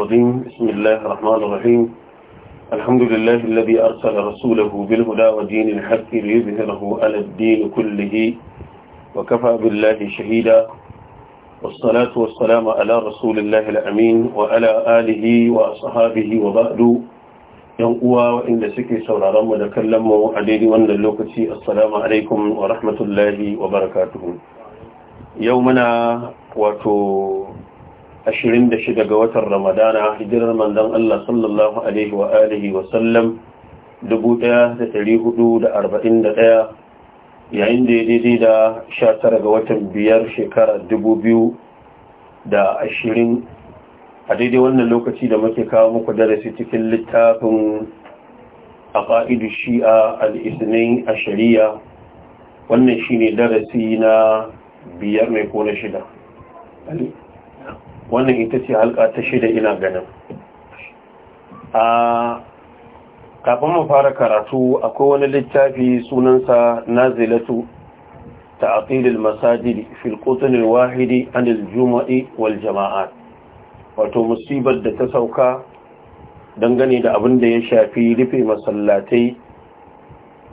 الرحيم بسم الله الرحمن الرحيم الحمد لله الذي أرسل رسوله بالهدى ودين الحق ليظهره على الدين كله وكفى بالله شهيدا والصلاة والسلام على رسول الله الأمين وعلى آله وأصحابه وبعد ينقوى وإن سكي رم ونكلم عديد وأن اللوكتي السلام عليكم ورحمة الله وبركاته يومنا وتو ashirin da shida ga watan ramadana hijirar Mandan Allah sallallahu alaihi wa alihi wa sallam 1441 yayin da ya daidai da 19 ga watan biyar shekara 2020 a daidai wannan lokaci da muke kawo muku darasi cikin littafin a ƙa'idu shi'a al'isnin a shari'a wannan shi ne darasi na biyar mai ko na shida wannan ita ce halka ta shida ina ganin a kafin mu fara karatu akwai wani littafi sunansa nazilatu تعقيل المساجد في wahidi الواحد عن wal jama'at wato musibar da ta sauka dangane da abin da ya shafi rufe masallatai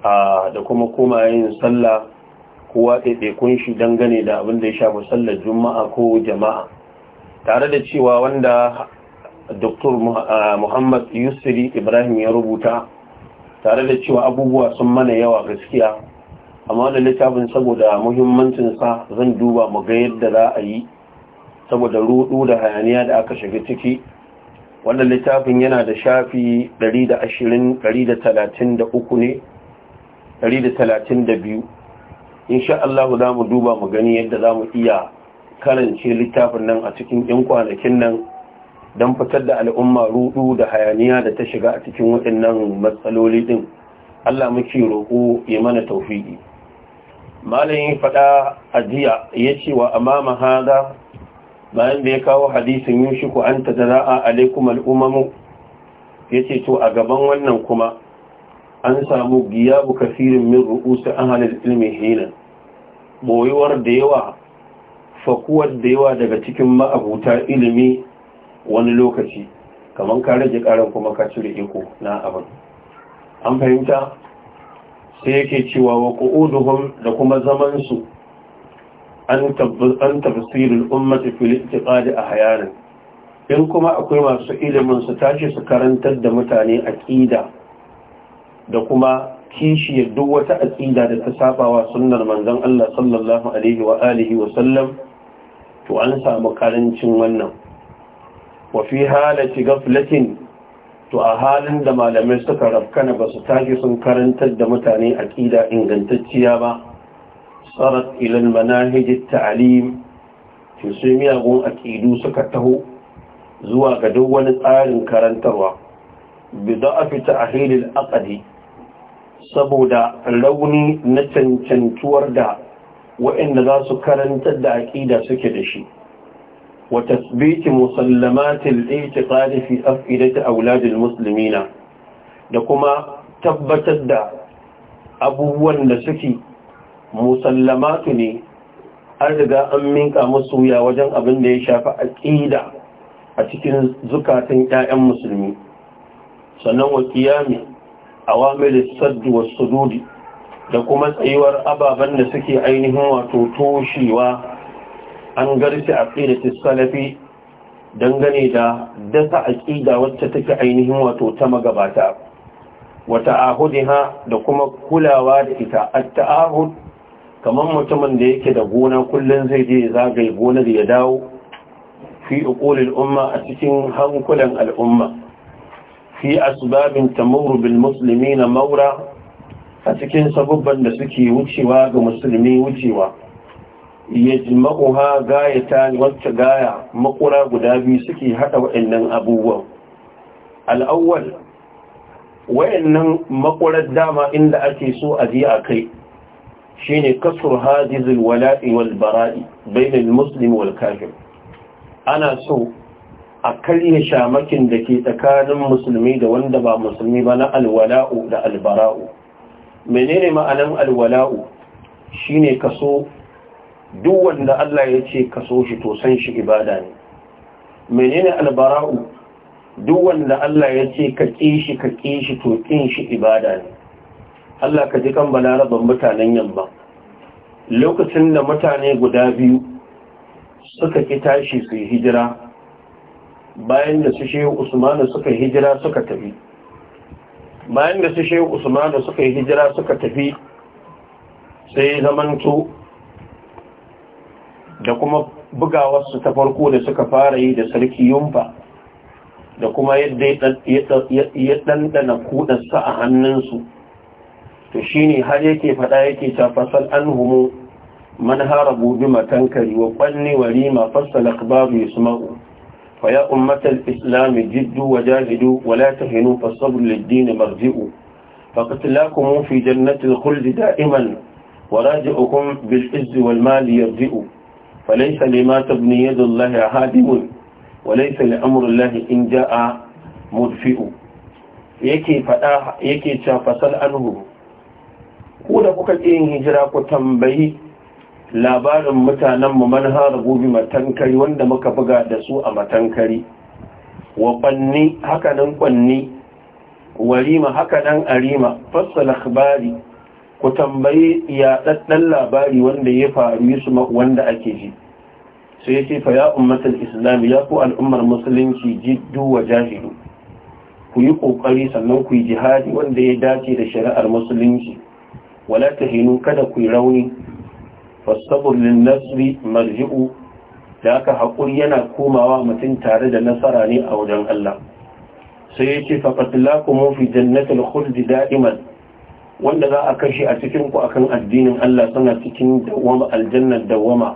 a da kuma koma yin sallah kowa ɗaiɗaikun shi dangane da abin da ya shafi sallar juma'a ko jama'a tare da cewa wanda Dr. Ah, Muhammad Yusri Ibrahim ya rubuta tare da cewa abubuwa sun mana yawa gaskiya amma da littafin saboda muhimmancinsa zan duba mu ga yadda za a yi saboda rudu da hayaniya da aka shiga ciki wanda littafin yana da shafi 120-133 ne 132 insha Allah za mu duba mu gani yadda za mu iya karance littafin nan a cikin 'yan kwanakin nan don fitar da al'umma rudu da hayaniya da ta shiga a cikin waɗannan matsaloli ɗin Allah muke roƙo ya mana taufiƙi Malami faɗa a jiya ya ce wa amama haɗa bayan da ya kawo hadisin ku an ta a alaikum al'umamu ya ce to a gaban wannan kuma an samu giyabu kafirin min ru'usu ahalil ilmi hinan boyuwar da yawa fakuwar da yawa daga cikin ma'abuta ilimi wani lokaci kamar ka rage karin kuma ka cire iko na abin an fahimta sai yake cewa wa ku'uduhum da kuma zaman su an an tafsirul ummati fil a ahyanan in kuma akwai masu ilimin su tashi su karantar da mutane aqida da kuma kishiyar duk wata aqida da ta sabawa sunnar manzon Allah sallallahu alaihi wa alihi wa sallam to an samu karancin wannan wa fi halati gaflatin to a halin da malamai suka rafkana ba su tashi sun karantar da mutane aqida ingantacciya ba sarat ila manahij at-ta'lim to sai miyagun aqidu suka taho zuwa ga duk wani tsarin karantarwa fita ta'hil al-aqdi saboda rauni na cancantuwar da waɗanda za su karantar da aƙida suke da shi wa tasbiti musallamatil itiqadi fi afidati auladil Musulmina. da kuma tabbatar da abubuwan da suke musallamatu ne an riga an minka musu ya wajen abin da ya shafi aƙida a cikin zukatan 'ya'yan musulmi sannan wa kiyami awamilis saddu was sududi da kuma tsayuwar ababen da suke ainihin wato toshewa an garci a ƙidatis salafi dangane da dasa aƙida wacce take ainihin wato ta magabata wata ahudiha da kuma kulawa da ita a ahud, kamar mutumin da yake da gona kullum zai je zagaye gonar ya dawo fi uqulil umma a cikin hankulan al'umma fi asbabin tamuru bil muslimina maura a cikin sabubban da suke wucewa ga musulmi wucewa ya jima'uha gaya ta wacce gaya makura guda biyu suke haɗa waɗannan abubuwan al'awwal waɗannan makurar dama inda ake so a ji a kai shi ne kasur hadizul wala'i wal bara'i bainal muslim wal kafir ana so a karya shamakin da ke tsakanin musulmi da wanda ba musulmi ba na alwala'u da albara'u menene ma'anan alwala'u shine kaso duk wanda Allah ya ce kaso shi to san shi ibada ne menene albara'u duk wanda Allah ya ce ka ƙi shi ka ƙi shi to ƙin shi ibada ne Allah ka ji kan balaraban mutanen yamma lokacin da mutane guda biyu suka ki tashi su hijira bayan da su shehu usmanu suka hijira suka tafi bayan da su shi usman da suka yi hijira suka tafi sai zamantu da kuma bugawarsu ta farko da suka fara yi da sarki yumfa da kuma yadda ya ɗanɗana kudansa a hannunsu to shi ne har yake faɗa yake tafasar an humo man harabu bi matankari wa ƙwanne wa rima fassala babu suma'u فيا أمة الإسلام جدوا وجاهدوا ولا تهنوا فالصبر للدين مرجئوا فقتلاكم في جنة الخلد دائما وراجعكم بالعز والمال يرجئ فليس لما تبني يد الله هادم وليس لأمر الله إن جاء مدفئ يكي faɗa yake cewa fasal anhu ku da labarin mutanenmu man gobe matankari wanda muka buga da su a matankari wa kwanni hakanan kwanni warima hakanan arima fassala labari ku tambayi yaɗaɗɗen labari wanda ya faru su wanda ake ji sai sai fa ya ummatul islam ya ku al'ummar musulunci jiddu wa jahilu. ku yi kokari sannan ku yi jihadi wanda ya dace da shari'ar musulunci wala tahinu kada ku yi rauni fasabur lin marji'u da aka haƙuri yana komawa mutum tare da nasara ne a wajen Allah sai ya ce faƙatlakumun fi jannatul khuldi da'iman wanda za a kashe a cikin ku akan addinin Allah suna cikin dawama aljannar dawama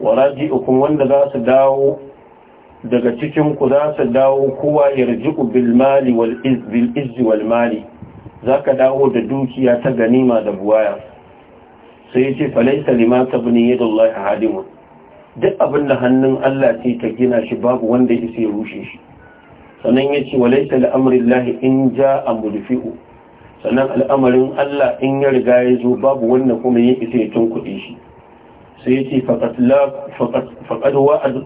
wa raji'ukum wanda za su dawo daga cikin ku za su dawo kowa yarji'u bil mali wal izz wal mali zaka dawo da dukiya ta ganima da buwaya sai ya ce falaisa lima ta bini yadda ya duk abin da hannun Allah ce ta gina shi babu wanda ya sai rushe shi sannan ya ce walaisa la'amarin lahi in ja a murfi'u sannan al'amarin Allah in ya riga ya zo babu wanda kuma ya isa ya tunkuɗe shi sai ya ce faƙad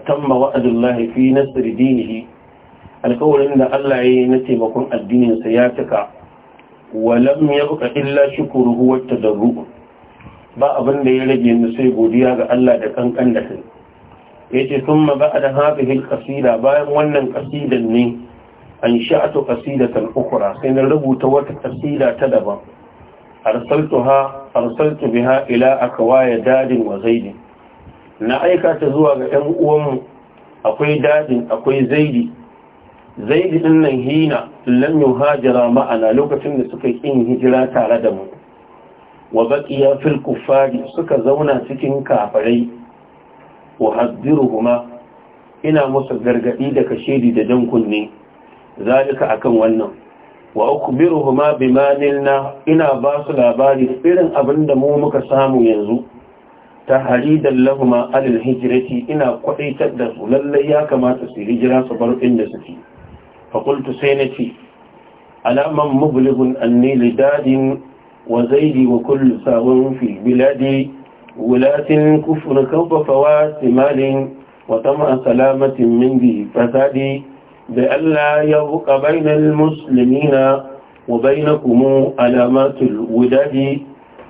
tamma wa'adun fi nasir dinihi alkawarin da Allah ya yi na taimakon addininsa ya cika walam ya buƙa illa shukuru huwar tadarru'u ba abin da ya rage ni sai godiya ga Allah da kankan da kai yace thumma ba'da hadhihi al-qasida bayan wannan qasidan ne an sha'atu qasidatan ukhra sai na rubuta wata qasida ta daban arsaltuha arsaltu biha ila akwaya dadin wa zaidi. na aika ta zuwa ga ɗan uwanmu akwai dadin akwai zaidi zaidi ɗin nan hina lam yuhajira ma'ana lokacin da suka ƙin hijira tare da mu wa ya fil kufari suka zauna cikin kafarai. wa ruhuma ina musu gargaɗi da kashedi da jan kunne zalika akan wannan wa ukhbiruhuma bima na ina ba su labari irin abinda mu muka samu yanzu da lahuma alil hijirati ina kwadaitar da su lallai ya kamata su hijira su bar inda suke fa sai na nace alaman mublighun anni dadin. وزيد وكل ساو في البلاد ولاة كفر كوب فوات مال وطمع سلامة من ذي فساد بأن يبقى بين المسلمين وبينكم علامات الوداد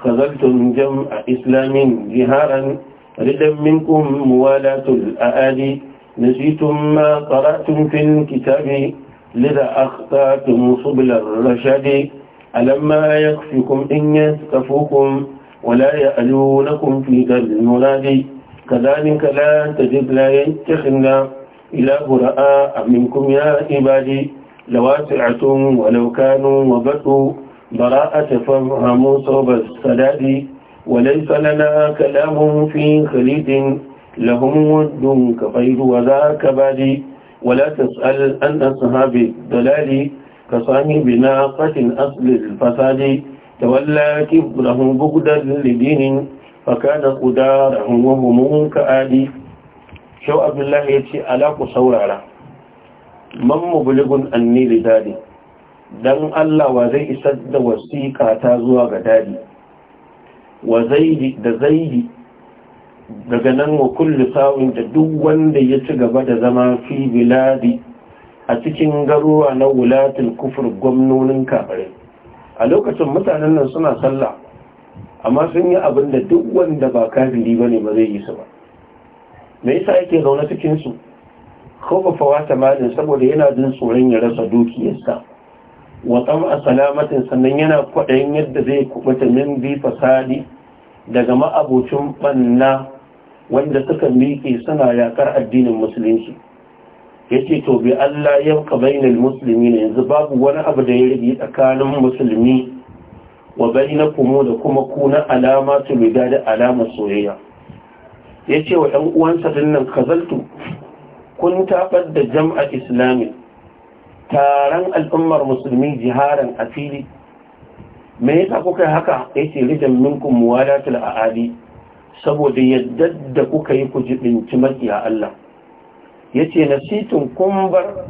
خذلتم جمع إسلام جهارا ردا منكم موالاة الأآلي نسيتم ما قرأتم في الكتاب لذا أخطأتم سبل الرشاد ألما يكفكم إن يستفوكم ولا يألونكم في المراد كذلك لا تجد لا يتخن إلى براء منكم يا عبادي لواسعة ولو كانوا وبدوا براءة فافهموا صوب السداد وليس لنا كلام في خليد لهم ود كغير وذاك بادي ولا تسأل عن أصحاب الضلال كصاحب بناقة أصل الفساد تولى كبره بغدا لدين فكان قداره وهم كآدي شو عبد الله يتي على قصورة من مبلغ أني لدادي dan Allah wa سد isar da wasiƙa ta zuwa daga nan wa kullu sa'in da duk wanda ya ci gaba da zama fi biladi a cikin garuwa na wulatul kufur gwamnonin kafirai a lokacin mutanen nan suna sallah amma sun yi abin da duk wanda ba kafiri ne ba zai yi su ba me yasa yake zaune cikin su kofa fawata malin saboda yana jin tsoron ya rasa dukiyarsa wa a salamatin sannan yana kwaɗayin yadda zai kubuta min bi fasadi daga ma'abocin banna wanda suka miƙe suna yakar addinin musulunci yace to bi Allah yabqa bainal na yanzu babu wani abu da ya rage tsakanin musulmi wa bainakum da kuma kuna alama bida da alamar soyayya yace wa 'yan uwansa dinnan kazaltu kun tabar da jama'a islami taron al'ummar musulmi jiharan asiri. fili me yasa kuka haka yace ridan minkum muwalatul aadi saboda yadda da kuka yi ku jibinci makiya Allah yace nasitun kun bar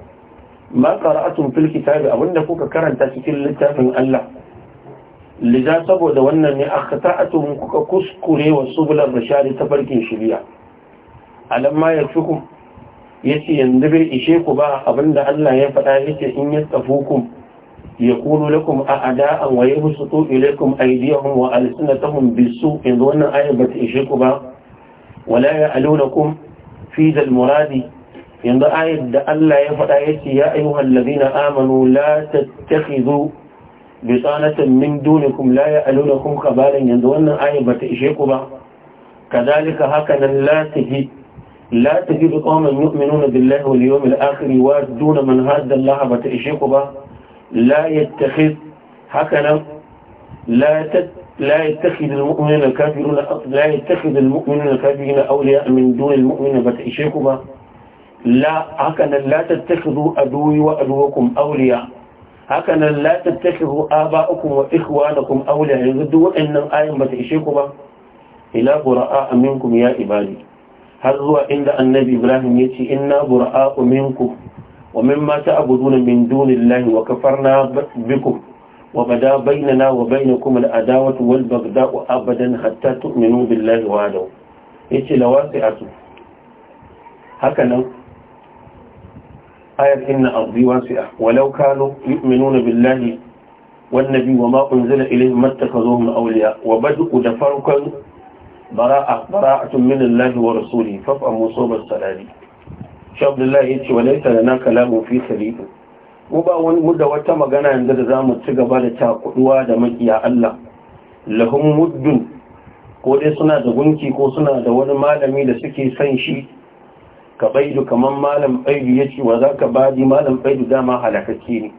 ma qara'atum fil kitabi abinda kuka karanta cikin littafin Allah liza saboda wannan ne akhta'atum kuka kuskure wa subulan rashadi ta barkin shiriya alamma yafukum yace yanzu bai ishe ku ba abinda Allah ya faɗa yace in yastafukum yakunu lakum a'da'an wa yabsutu ilaykum aydiyahum wa alsinatahum bisu yanzu wannan ayat bata ishe ku ba wala ya'lunakum fi dal muradi يند آيات دا الله يفت آيات يا أيها الذين آمنوا لا تتخذوا بصانة من دونكم لا يألونكم خبالا يند وانا آية بتأشيكوا كذلك هكذا لا تجد لا تجد قوما يؤمنون بالله واليوم الآخر دون من هاد الله بتأشيكوا لا يتخذ هكذا لا تت لا يتخذ المؤمنين الكافرون لا يتخذ المؤمنين الكافرين أولياء من دون المؤمنين بتأشيكوا la haka nan la tattakhidhu aduwi wa aduwakum awliya haka nan la tattakhidhu aba'akum wa ikhwanakum awliya yanzu duk waɗannan ayoyin ba ta ishe ku ba ila qura'a minkum ya ibadi har zuwa inda annabi ibrahim ya ce inna bura'a minkum wa mimma ta'buduna min dunillahi wa kafarna bikum wa bada bainana abadan hatta ayar inna ardi wasi'a walau kanu yu'minuna billahi wan nabi wa ma unzila ilayhim mattakhazuhum awliya wa bad'u da farkon bara'a bara'atun min Allah wa rasuli fafa musubat salari shi abdullahi yace walaysa lana kalamu fi sabil mu ba wani mu da wata magana yanzu da zamu ci gaba da takuduwa da makiya Allah lahum muddun ko dai suna da gunki ko suna da wani malami da suke son shi ka baidu kamar malam baidu ya ce wa za ka baji malam baidu dama halakacce ne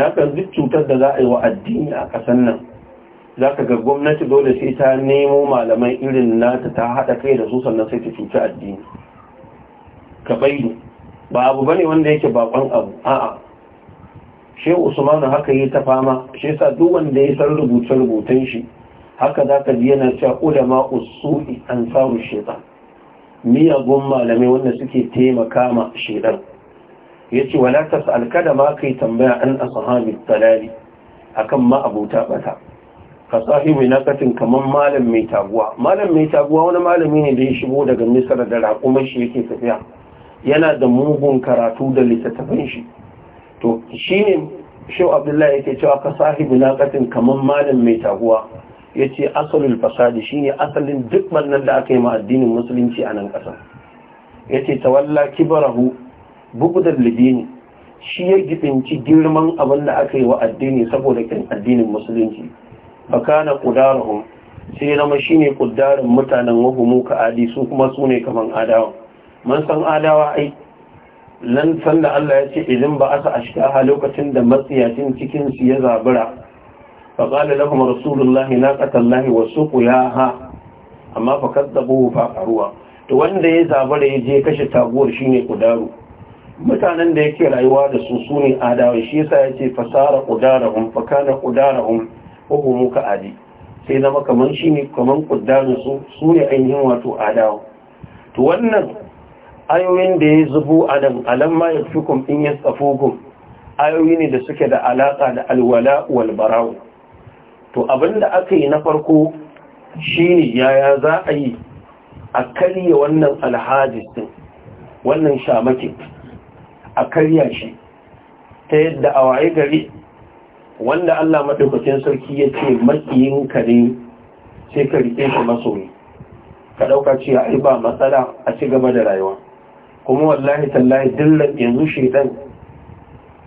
za ka duk cutar da za a yi wa addini a ƙasan nan za ka ga gwamnati dole sai ta nemo malamai irin nata ta haɗa kai da su sannan sai ta cuci addini ka baidu ba abu ba ne wanda yake bakon abu a'a shehu usman haka yi ta fama she yasa duk wanda ya san rubuce-rubutan shi haka za ka biya na cewa ulama usuli an samu shekaru. miyagun malamai wanda suke taimaka ma ya ce wala latas alkada ma kai tambaya an ashabi talali akan ma abuta bata ka sahibi nakatin kamar malam mai taguwa malam mai taguwa wani malami ne da ya shigo daga misar da raƙumar shi yake tafiya yana da mugun karatu da littattafan shi to shine shi abdullahi yake cewa ka sahibi nakatin kamar malam mai taguwa ya ce asalin fasadi shine asalin duk mannan da aka yi ma addinin musulunci a nan ƙasa ya ce ta tawalla kibarahu da libini shi ya gifinci girman abin da aka yi wa addini saboda kin addinin musulunci bakana ƙudarahun sai ya zama shine ƙudarin mutanen wahumu ka adi su kuma su ne kaman adawa man san adawa ai nan san da Allah ya ce idan ba a ashkaha lokacin da matsiyacin cikinsu ya zabura فقال لهم رسول الله ناقة الله وسقياها amma fa kaddabuhu fa qaruwa to wanda ya zabara ya je kashe taguwar shine kudaru mutanen da yake rayuwa da su sune adawa shi yasa yace fasara qudarahum fa kana qudarahum hukumu ka adi sai zama kaman shine kaman kudarun su sune ainihin wato adawa to wannan ayoyin da ya zubo adam alamma yafukum in yasafukum ayoyi ne da suke da alaka da alwala wal bara'u to abinda aka yi na farko shine yaya za a yi a karya wannan alhajis din wannan shamakin a karya shi ta yadda a waye gari wanda Allah madaukakin sarki ya ce makiyin kare sai ka rike shi masoyi ka dauka ce ai ba matsala a ci gaba da rayuwa kuma wallahi tallahi dillan yanzu shedan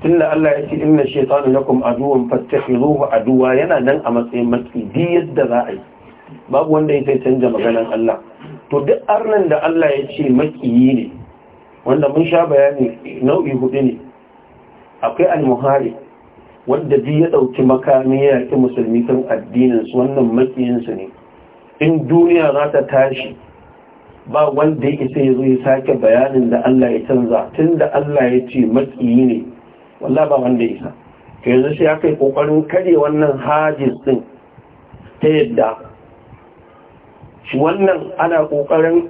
tunda Allah ya ce inna shaytanu lakum aduwwan fattakhizuhu aduwa yana nan a matsayin matsi di yadda za a yi babu wanda ya sai canja maganar Allah to duk arnan da Allah ya ce makiyi ne wanda mun sha bayani nau'i hudu ne akwai al muhari wanda bi ya dauki makami ya yaki musulmi kan addinin su wannan makiyin su ne in duniya za ta tashi ba wanda yake sai ya zo ya sake bayanin da Allah ya canza tunda Allah ya ce makiyi ne wallah ba wanda isa to yanzu sai aka yi kokarin kare wannan hajis din ta yadda shi wannan ana kokarin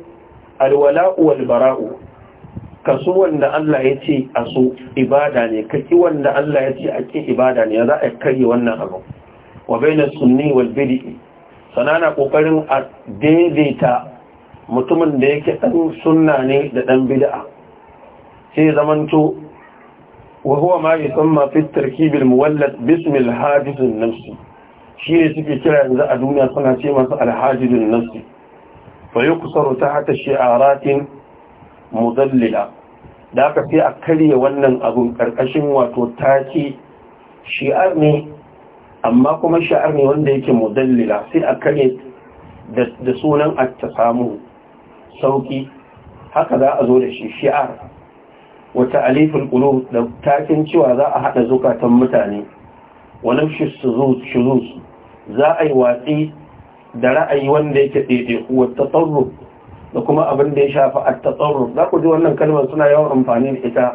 alwala'u wal bara'u kaso wanda Allah ya ce a so ibada ne kaki wanda Allah ya ce a ki ibada ne za a kare wannan abu wa baina sunni wal bid'i sanana kokarin a daidaita mutumin da yake dan sunna ne da dan bid'a sai zamanto وهو ما يسمى في التركيب المولد باسم الحاجز النفسي شيء سكي كلا إن ذا أدوني صنع شيء ما الحاجز النفسي فيقصر تحت شعارات مضللة ذاك في أكلي ونن أبو كركشن وتوتاكي شعار ne amma kuma sha'ar ne wanda yake mudallila sai a kare da sunan a ta samu sauki haka za a zo da shi shi'ar wata alifin ƙulu da takin cewa za a haɗa zukatan mutane wani shizu za a yi watsi da ra'ayi wanda yake ɗaiɗaiku wata tsarro da kuma abin da ya shafi a tsarro za ku ji wannan kalmar suna yawan amfani da ita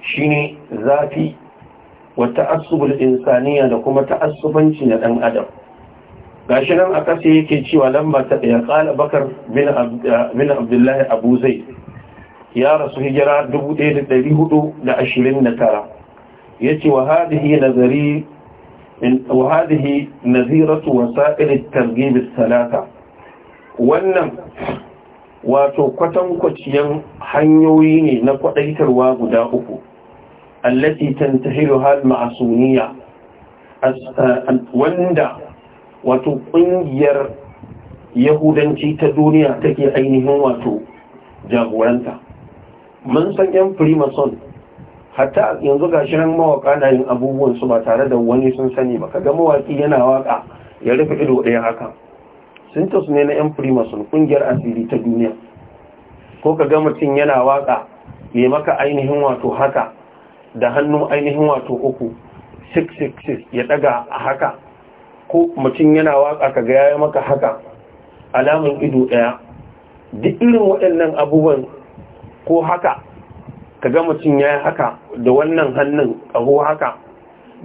shine zafi wata asubul insaniya da kuma ta'assubanci na ɗan adam gashi nan a ƙasa yake cewa lamba ta ɗaya ƙala bakar bin eh, abdullahi abu zai ya rasu hijira 1429 da wa hadhihi nazari wa hadhihi naziratu wasa'il at-targhib wannan wato kwatankwaciyan hanyoyi ne na kwadaitarwa guda uku allati tantahilu hal ma'asuniya uh, wanda wato kungiyar yahudanci ta duniya take ainihin wato jagoranta mun san yan freemason hatta yanzu ga nan mawaka na yin abubuwan su ba tare da wani sun sani ba kaga mawaki yana waka ya rufe ido ɗaya haka su ne na yan freemason kungiyar asiri ta duniya ko kaga mutum yana waka ya maka ainihin wato haka da hannu ainihin wato uku 666 ya daga a haka ko mutum yana waka kaga ya maka haka alamun ido ɗaya duk irin waɗannan abubuwan ko haka ka ga mutum ya haka da wannan hannun ƙaho haka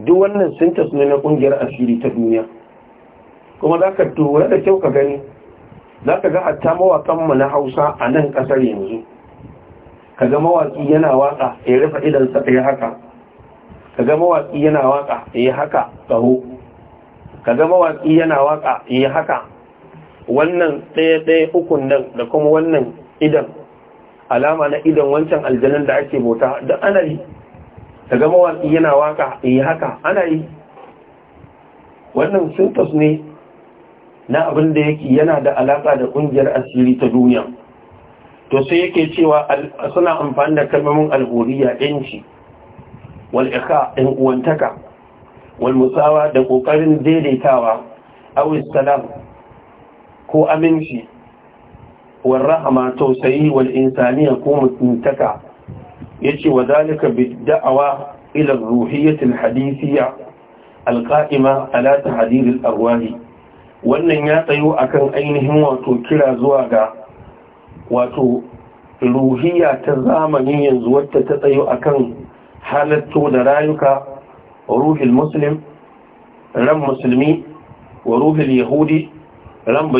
duk wannan sintas ne na ƙungiyar asiri ta duniya kuma za ka tura da kyau ka gani za ka ga a hatta mawaƙanmu na hausa a nan ƙasar yanzu ka ga mawaƙi yana waƙa ya rufe sa ɗaya haka ka ga mawaƙi yana waƙa ya haka ƙaho ka ga mawaƙi yana waƙa ya haka wannan ɗaya ɗaya ukun nan da kuma wannan idan alama na idan wancan aljanin da ake bauta da ana yi ta gama waƙi yana waka yi eh, haka ana yi wannan sintas ne na abin da yake yana da alaƙa da ƙungiyar asiri ta duniya to sai yake cewa suna amfani da kalmomin alhuriya yanci wal ɗan uwantaka wal musawa da ƙoƙarin daidaitawa a salam ko aminci والرحمة توسعي والإنسانية قومة منتكع يجي وذلك بالدعوة إلى الروحية الحديثية القائمة على تحذير الأرواح wannan ya tsayo akan ainihin wato kira zuwa ga wato ruhiya ta zamani yanzu wadda ta tsayo akan halatto da rayuka ruhil muslim ran musulmi wa yahudi ran ba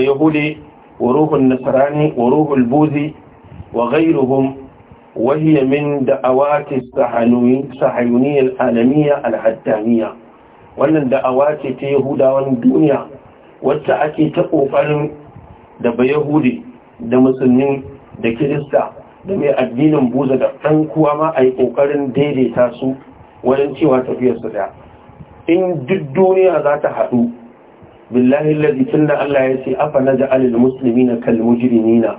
وروح النصراني وروح البوذي وغيرهم وهي من alamiya الصهيونية العالمية الحدانية wannan da'awace ce ta yahudawan duniya wacce ake ta ƙoƙarin da ba yahudi da musulmi da kirista da mai addinin buza da ɗan kuwa ma a yi daidaita su wajen cewa tafiyarsu daya in duk duniya za ta haɗu billahi alladhi tunda Allah ya ce afa naj'alul muslimina kal mujrimina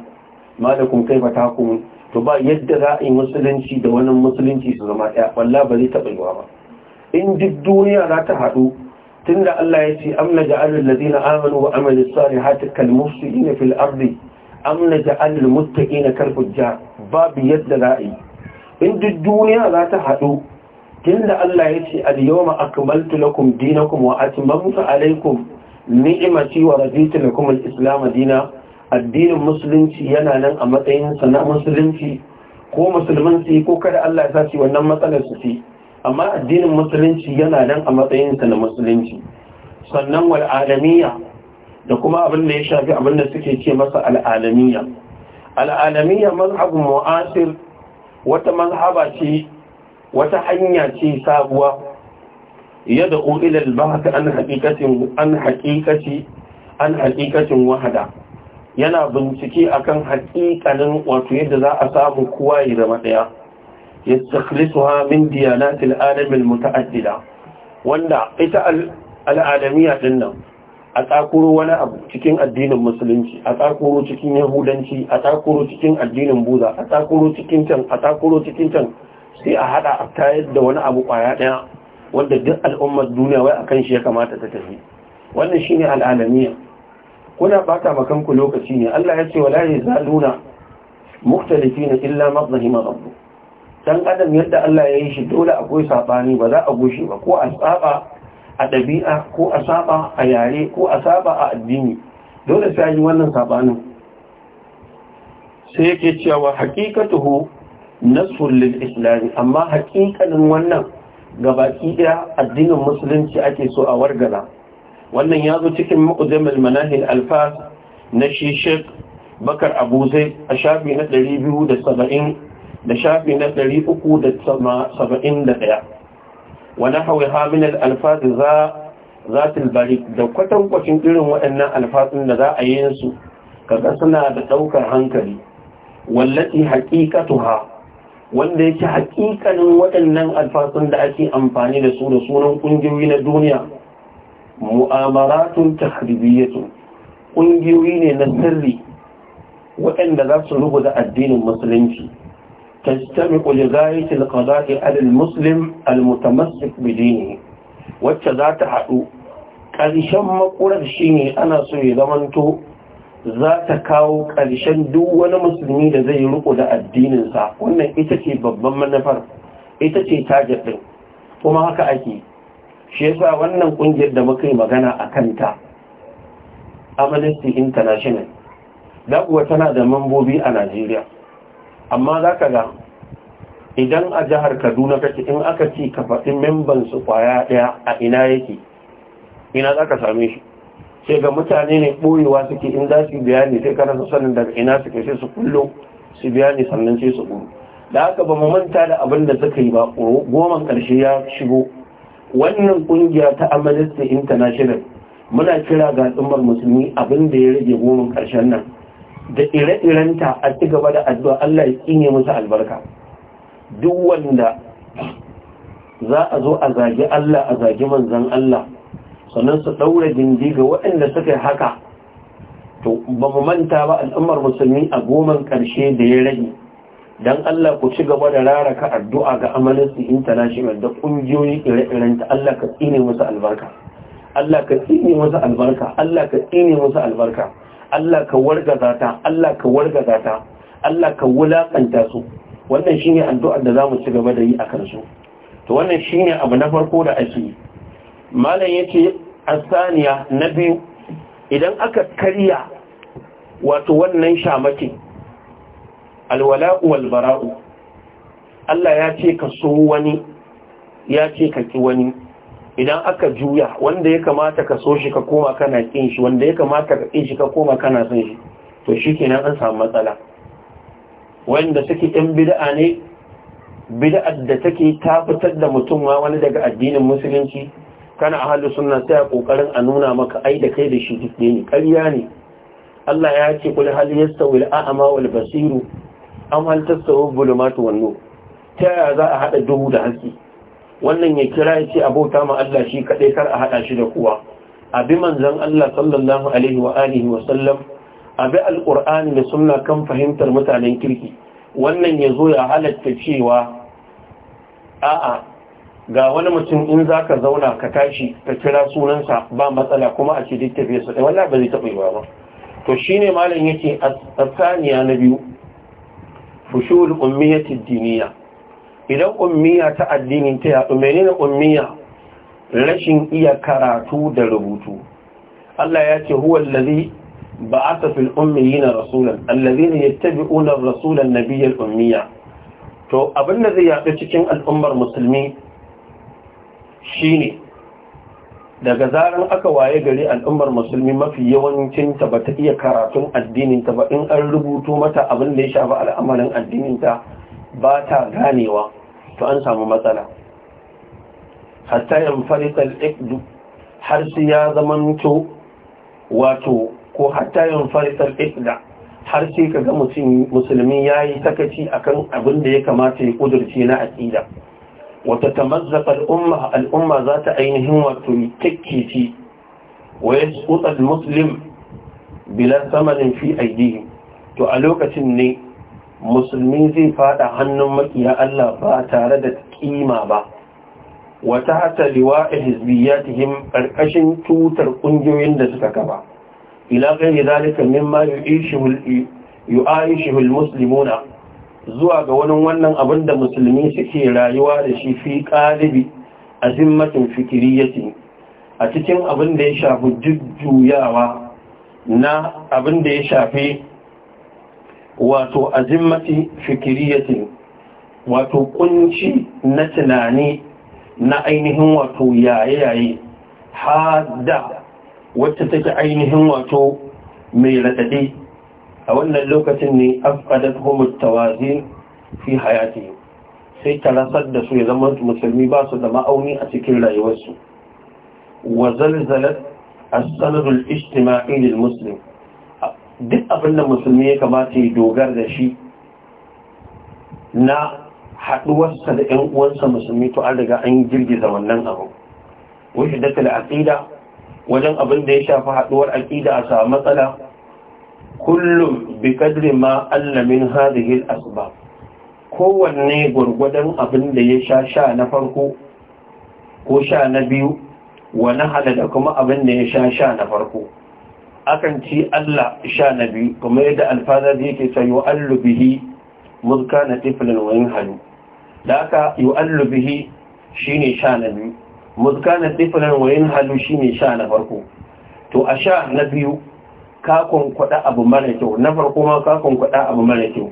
malakum kaifa tahkum to ba yadda za a yi musulunci da wani musulunci su zama ɗaya walla ba zai taɓa yiwa ba in duk duniya za ta haɗu tunda Allah ya ce amna ja'alul na amanu wa amilus salihati kal mufsidina fil ardi amna ja'alul muttaqina kal fujjar babu yadda za a yi in duk duniya za ta haɗu tunda Allah ya ce al yawma akmaltu lakum dinakum wa atmamtu alaykum ni'imati wa raditu lakum al-islam dina addinin musulunci yana nan a matsayin sa na musulunci ko musulmin ko kada Allah ya sa shi wannan matsalar su ci amma addinin musulunci yana nan a matsayin sa na musulunci sannan wal alamiyya da kuma abin da ya shafi abin da suke ce masa al alamiyya al alamiyya mazhabun mu'asir wata mazhaba ce wata hanya ce sabuwa yad'u ila al-bahth an haqiqatin an haqiqati an haqiqatin wahada yana bincike akan haqiqanin wato yadda za a samu kowa ya zama daya yastakhlisuha min diyanat al-alam al-muta'addida wanda ita al-alamiyya nan. a tsakuro wani abu cikin addinin musulunci a tsakuro cikin yahudanci a tsakuro cikin addinin buza a tsakuro cikin can a tsakuro cikin can sai a hada a tayar da wani abu kwaya daya wanda duk al'ummar duniya wai akan shi ya kamata ta tafi wannan shine al'alamiya kuna bata makan ku lokaci ne Allah ya ce wala yazaluna mukhtalifina illa ma zahima rabbuh dan adam yadda Allah ya yi shi dole akwai sabani ba za a gushe ba ko a saba a ɗabi'a ko a saba a yare ko a saba a addini dole sai yi wannan sabanin sai yake cewa haqiqatuhu nasul lil islam amma haqiqanin wannan ga baki ɗaya addinin musulunci ake so a wargaza wannan ya zo cikin mu'jamil manahil alfas na shi bakar abu zai a shafi na 270 da shafi na 371 wani hauwa hamilar alfazi za zatul bari da kwatankwacin irin waɗannan alfasun da za a yi su kaga suna da ɗaukar hankali wallafi haƙiƙatuha wanda yake hakikanin waɗannan alfasun da ake amfani da su da sunan ƙungiyoyi na duniya mu'amaratun tahribiyatu ƙungiyoyi ne na sirri waɗanda za su rubuta addinin musulunci تجتمع لغاية القضاء على المسلم المتمسك بدينه wacce za ta haɗu ƙarshen makurar shi ne ana so ya zamanto za ta kawo ƙarshen duk wani musulmi da zai riko da addininsa wannan ita ce babban manufar ita ce tajar ɗin kuma haka ake shi yasa wannan ƙungiyar da muka yi magana a kanta amnesty international dakuwa tana da mambobi a najeriya amma za ka ga idan a jihar kaduna kake in aka ce ka faɗi membansu ƙwaya ɗaya a ina yake ina za ka same shi sai ga mutane ne ɓoyewa suke in za su bayani sai su sanin daga ina suke sai su kullo su bayani sannan sai su ɓuru da haka ba mu manta da abin da suka yi ba goma ƙarshe ya shigo wannan ƙungiya ta amnesty international muna kira ga al'ummar musulmi abin da ya rage goma ƙarshen nan da ire-irenta a ci gaba da addu'a Allah ya kine musu albarka duk wanda za a zo a zagi Allah a zagi manzan Allah sannan su ɗaura gindi ga waɗanda suka haka to ba mu manta ba al'ummar musulmi a goman ƙarshe da ya rage don Allah ku ci gaba da raraka addu'a ga Amnesty International da ƙungiyoyi ire-iren ta Allah ka tsine musu albarka Allah ka tsine musu albarka Allah ka tsine musu albarka Allah ka wargaza ta Allah ka wargaza ta Allah ka wulakanta su wannan shine addu'ar da zamu ci gaba da yi a kansu to wannan shine abu na farko da ake malam yace asaniya na biyu idan aka karya wato wannan shamakin alwala'u walbara'u Allah ya ce ka so wani ya ce ka ki wani idan aka juya wanda ya kamata ka so shi ka koma kana kin shi wanda ya kamata ka kin shi ka koma kana son shi to shikenan an samu matsala wanda suke ɗan bid'a ne bid'ar da take ta fitar da mutum wani daga addinin musulunci kana ahlus suna sai kokarin a nuna maka ai da kai da shi duk ne ƙarya ne Allah ya ce kul hal yastawi al-a'ma wal basiru An hal tastawi al wannan. ta yaya za a haɗa duhu da haske wannan ya kira ya ce abota ma Allah shi kaɗai kar a haɗa shi da kowa abi manzon Allah sallallahu alaihi wa alihi wa sallam abi alqur'ani da sunna kan fahimtar mutanen kirki wannan ya zo ya halatta cewa a'a ga wani mutum in za ka zauna ka tashi ka kira sunansa ba matsala kuma a ce duk su ɗaya wallah ba zai taɓa yi ba to shi ne malam ya ce a saniya na biyu fushul ummiyatin tiddiniya idan ummiya ta addinin ta yaɗu menene ummiya rashin iya karatu da rubutu Allah ya ce huwa allazi ba'atha na rasulun, rasulan allazina ya ar-rasula rasulun na biyar ummiya to abin da zai yaɗu cikin al'ummar musulmi Shi ne, daga zarar aka waye gari al'ummar musulmi mafi yawancinta ba ta iya karatun addininta ba in an rubuto mata abin da ya shafi al'amarin addininta ba ta ganewa to an samu matsala hatta yan farikal ikdu har su ya zamanto wato ko hatta yan ikda har sai kaga ga musulmi ya yi sakaci akan abin da ya kamata ya kudurce na aƙida wata tamazzafa al'umma al'umma za ta ainihin wato takkeci wa ya tsutsar muslim Bilan samanin fi aidihi to a lokacin ne musulmi zai fada hannun makiya Allah ba tare da kima ba wata hata ta hizbiyatihim ƙarƙashin tutar ƙungiyoyin da suka kaba ila ghairi zalika mimma yu'ishihu yu'aishihu almuslimuna zuwa ga wani wannan abin da musulmi suke rayuwa da shi fi ƙalibi a zimmatin fikiriyyati a cikin abin da ya shafi jujjuyawa na abin da ya shafi wato a ya fikiriyyatin wato kunci na tunani na ainihin wato yaye-yaye hada wacce take ainihin wato mai raɗaɗe a wannan lokacin ne afqadat humut tawazi fi hayati sai ta rasar da su ya zama musulmi ba su da ma'auni a cikin rayuwarsu wa zalzalat a sanarul al lil duk abinda da musulmi ya kamata ya dogar da shi na haɗuwarsa da ‘yan uwansa musulmi to an riga an girgiza wannan abu wuce da aƙida wajen abin da ya shafi haɗuwar aƙida a samu matsala kullum bi kadri ma alla min hadhihi al-asbab kowanne gurgudan abin da ya sha sha na farko ko sha na biyu wa nahala da kuma abin da ya sha sha na farko akan ci Allah sha na biyu kuma yadda alfazar yake sa yu'allu bihi mulka na tiflin wayin halu da aka yi allubihi shi ne sha na biyu mulka na tiflin wayin halu shi ne sha na farko to a sha na biyu ka kunkuɗa abu mara kyau na farko ma ka kunkuɗa abu mara kyau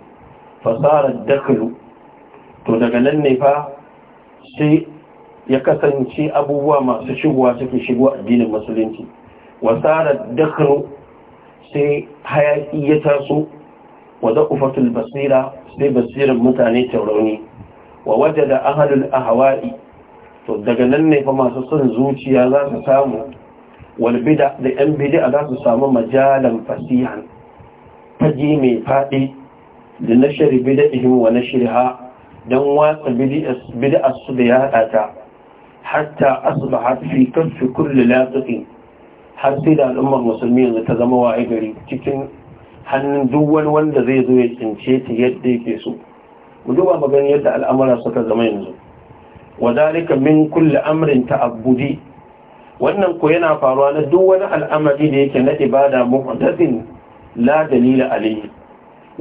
fasarar dakalu to daga nan ne fa sai ya kasance abubuwa masu shigowa suke shigo addinin musulunci wasarar dakalu sai hayaƙi ya taso wa zaƙufatul basira sai basirin mutane taurauni wa waje da ahalul ahawa'i to daga nan ne fa masu son zuciya za su samu walbida da yan bidiya za su samu majalan fasihan ji mai faɗi da na shari bida ihim wa na shirha don watsa bida su da ya ta hatta asbahat fi kaffi kulli har sai da al'ummar musulmi yanzu ta zama waye gari cikin hannun duk wani wanda zai zo ya tsince ta yadda yake so mu duba maganin yadda al'amura suka zama yanzu wa zalika min kulli amrin ta'abbudi wannan ko yana faruwa na duk wani al'amari da yake na ibada muhaddathin la dalila alayhi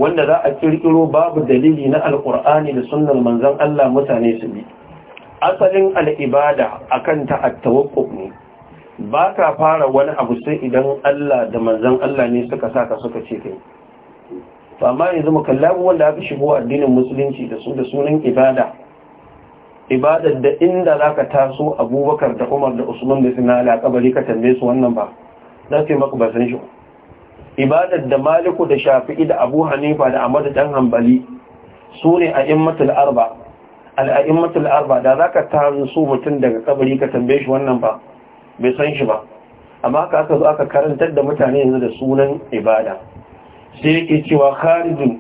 wanda za a kirkiro babu dalili na alqur'ani da sunnar manzon Allah mutane su bi asalin al'ibada akan ta at-tawakkuf ne ba ka fara wani abu sai idan Allah da manzon Allah ne suka saka suka ce kai to amma yanzu mu kallabu wanda aka shigo addinin musulunci da su da sunan ibada ibadar da inda za ka taso abubakar da umar da usman da suna alaƙabari ka tambaye su wannan ba za su maka ba san shi ibadar da maliku da shafi'i da abu hanifa da amadu dan hambali su ne a immatul arba al'a'immatul arba da za ka taso mutum daga ƙabari ka tambaye shi wannan ba bai san shi ba amma ka aka zo aka karantar da mutane yanzu da sunan ibada sai yake cewa kharijin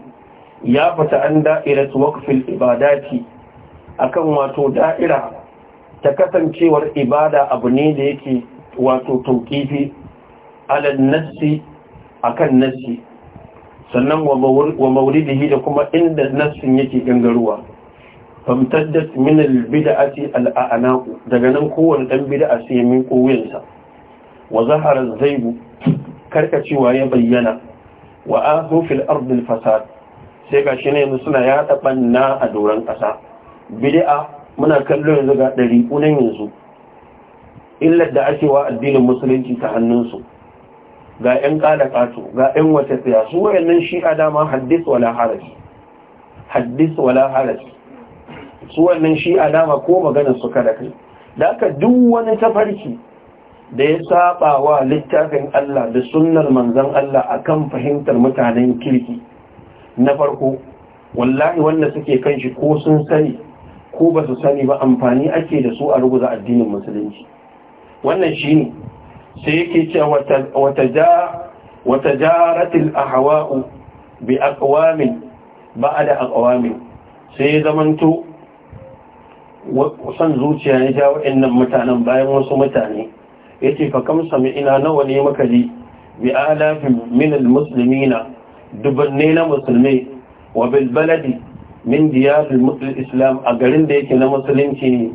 ya fita an da'iratu waqfil ibadati akan wato da'ira ta kasancewar ibada abu ne da yake wato tauƙifi alal nassi akan nassi sannan wa maulidihi da kuma inda nassin yake gangaruwa famtaddat min albid'ati al'anaqu daga nan kowanne dan bid'a sai ya minko wuyansa wa zahara zaibu karkacewa ya bayyana wa ahu fil ardi fasad sai gashi ne suna yada banna a doran kasa bid'a muna kallo yanzu ga ɗari kunan yanzu illar da ake wa addinin musulunci ta hannunsu ga 'yan ƙalaƙato ga 'yan wata tsaya su wayannan shi a dama haddis wala haraji haddis wala haraji su wannan shi a dama ko maganar su kada kai da aka duk wani tafarki da ya saba wa littafin Allah da sunnar manzon Allah akan fahimtar mutanen kirki na farko wallahi wanda suke kan shi ko sun sani ko ba su sani ba amfani ake da su a ruguza addinin musulunci wannan shi ne sai yake cewa wata jaratil ahawa'u bi aqwamin ba da aqwamin sai ya zamanto san zuciya ya ja wa'annan mutanen bayan wasu mutane ce fa kam ina nawa ne makali ji bi alafin min almuslimina dubanne na musulmi wa bil baladi min diyarul musul islam a garin da yake na musulunci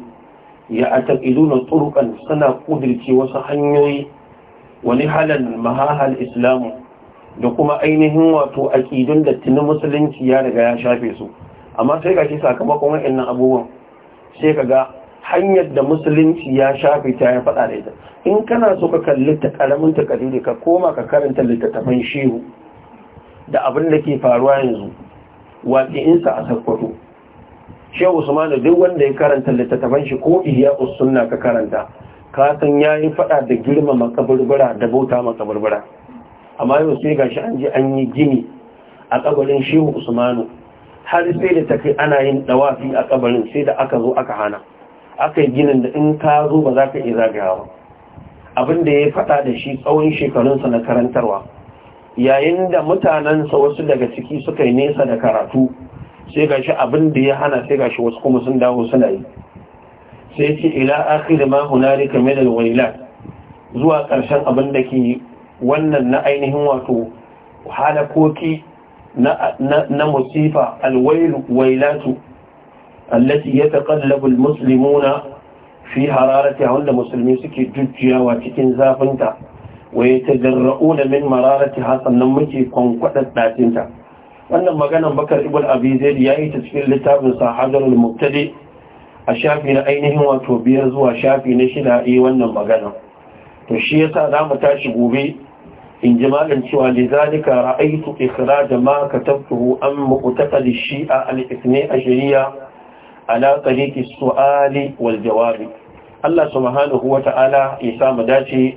ya na turuqan suna kudirce wasu hanyoyi wani halan mahahal islam da kuma ainihin wato aqidun da tuni musulunci ya riga ya shafe su amma sai gashi sakamakon wayannan abubuwan sai ka ga, hanyar da musulunci ya shafe ta ya faɗa da ita in kana so ka kalli ta karamin takariri ka koma ka karanta littattafan shehu da abin da ke faruwa yanzu waƙi'insa a sakkwato shehu usmanu duk wanda ya karanta littattafan shi ko iya usunna ka karanta ka ya yi faɗa da girmama ƙabarbara da bauta makabarbara amma yau sai ga shi an ji an yi gini a kabarin shehu usmanu har sai da tafi ana yin dawafi a kabarin sai da aka zo aka hana aka yi ginin da in ka zo ba za ka iya zagayawa abin da ya faɗa da shi tsawon shekarunsa na karantarwa yayin da mutanensa wasu daga ciki suka yi nesa da karatu sai ga shi abin da ya hana sai ga shi wasu kuma sun dawo suna yi sai ce ila akhir ma hunalika min alwailat zuwa karshen abin da ke wannan na ainihin wato halakoki na na musifa alwail wailatu allati yataqallabu almuslimuna fi hararatiha wanda musulmi suke jujjiyawa cikin zafinta Wai ta jarra'una min mararati sannan muke kwankwadar datinta wannan maganan bakar ibn abi zaid ya yi ta cikin littafin sahadar hadarul mubtadi a shafi na ainihin wato biyar zuwa shafi na shida yi eh, wannan magana to shi yasa zamu tashi gobe in ji malam cewa lizalika ra'aytu ikhraj ma katabtuhu an mu'taqad shia al-ithnay ashariya ala tariqi su'ali wal jawabi Allah subhanahu wa ta'ala ya samu dace